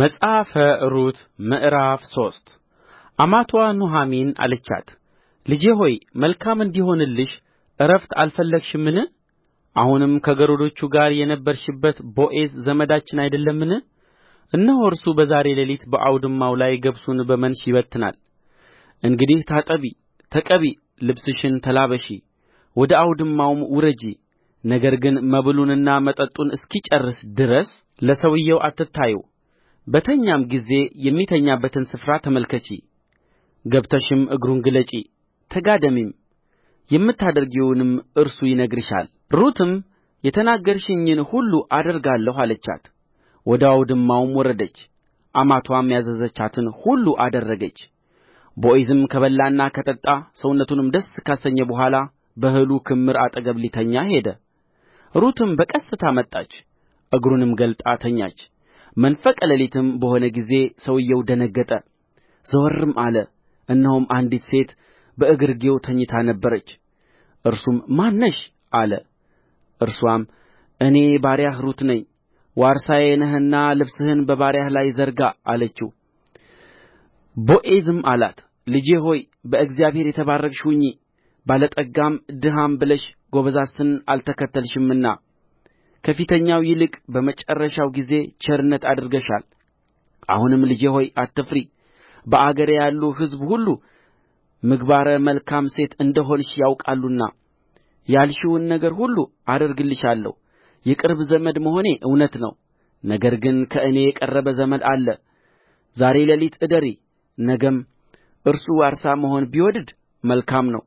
መጽሐፈ ሩት ምዕራፍ ሶስት አማትዋ ኑኃሚን አለቻት ልጄ ሆይ መልካም እንዲሆንልሽ ዕረፍት አልፈለግሽምን? አሁንም ከገረዶቹ ጋር የነበርሽበት ቦዔዝ ዘመዳችን አይደለምን? እነሆ እርሱ በዛሬ ሌሊት በአውድማው ላይ ገብሱን በመንሽ ይበትናል። እንግዲህ ታጠቢ፣ ተቀቢ፣ ልብስሽን ተላበሺ፣ ወደ አውድማውም ውረጂ። ነገር ግን መብሉንና መጠጡን እስኪጨርስ ድረስ ለሰውየው አትታዪው በተኛም ጊዜ የሚተኛበትን ስፍራ ተመልከቺ ገብተሽም እግሩን ግለጪ ተጋደሚም የምታደርጊውንም እርሱ ይነግርሻል ሩትም የተናገርሽኝን ሁሉ አደርጋለሁ አለቻት ወደ አውድማውም ወረደች አማትዋም ያዘዘቻትን ሁሉ አደረገች ቦዔዝም ከበላና ከጠጣ ሰውነቱንም ደስ ካሰኘ በኋላ በእህሉ ክምር አጠገብ ሊተኛ ሄደ ሩትም በቀስታ መጣች እግሩንም ገልጣ ተኛች መንፈቀ ሌሊትም በሆነ ጊዜ ሰውዮው ደነገጠ ዘወርም አለ እነሆም አንዲት ሴት በእግርጌው ተኝታ ነበረች እርሱም ማን ነሽ አለ እርስዋም እኔ ባሪያህ ሩት ነኝ ዋርሳዬ ነህና ልብስህን በባሪያህ ላይ ዘርጋ አለችው ቦዔዝም አላት ልጄ ሆይ በእግዚአብሔር የተባረክሽ ሁኚ ባለጠጋም ድሀም ብለሽ ጐበዛዝትን አልተከተልሽምና ከፊተኛው ይልቅ በመጨረሻው ጊዜ ቸርነት አድርገሻል አሁንም ልጄ ሆይ አትፍሪ በአገሬ ያሉ ሕዝብ ሁሉ ምግባረ መልካም ሴት እንደ ሆንሽ ያውቃሉና ያልሽውን ነገር ሁሉ አደርግልሻለሁ የቅርብ ዘመድ መሆኔ እውነት ነው ነገር ግን ከእኔ የቀረበ ዘመድ አለ ዛሬ ሌሊት እደሪ ነገም እርሱ ዋርሳ መሆን ቢወድድ መልካም ነው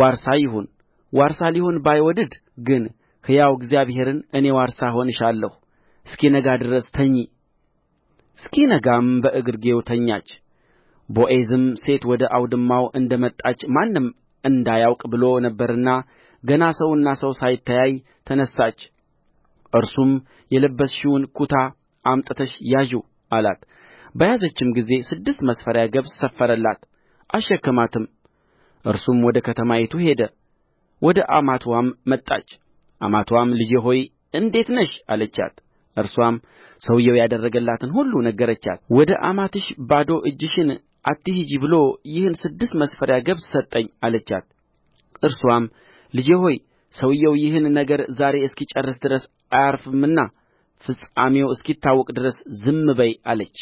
ዋርሳ ይሁን ዋርሳ ሊሆን ባይወድድ ግን ሕያው እግዚአብሔርን እኔ ዋርሳ እሆንሻለሁ እስኪነጋ ድረስ ተኚ እስኪነጋም በእግርጌው ተኛች ቦዔዝም ሴት ወደ አውድማው እንደ መጣች ማንም እንዳያውቅ ብሎ ነበርና ገና ሰውና ሰው ሳይተያይ ተነሣች እርሱም የለበስሽውን ኩታ አምጥተሽ ያዢው አላት በያዘችም ጊዜ ስድስት መስፈሪያ ገብስ ሰፈረላት አሸከማትም እርሱም ወደ ከተማይቱ ሄደ ወደ አማትዋም መጣች አማትዋም ልጄ ሆይ እንዴት ነሽ አለቻት እርስዋም ሰውዮው ያደረገላትን ሁሉ ነገረቻት ወደ አማትሽ ባዶ እጅሽን አትሂጂ ብሎ ይህን ስድስት መስፈሪያ ገብስ ሰጠኝ አለቻት እርስዋም ልጄ ሆይ ሰውዮው ይህን ነገር ዛሬ እስኪጨርስ ድረስ አያርፍምና ፍጻሜው እስኪታወቅ ድረስ ዝም በዪ አለች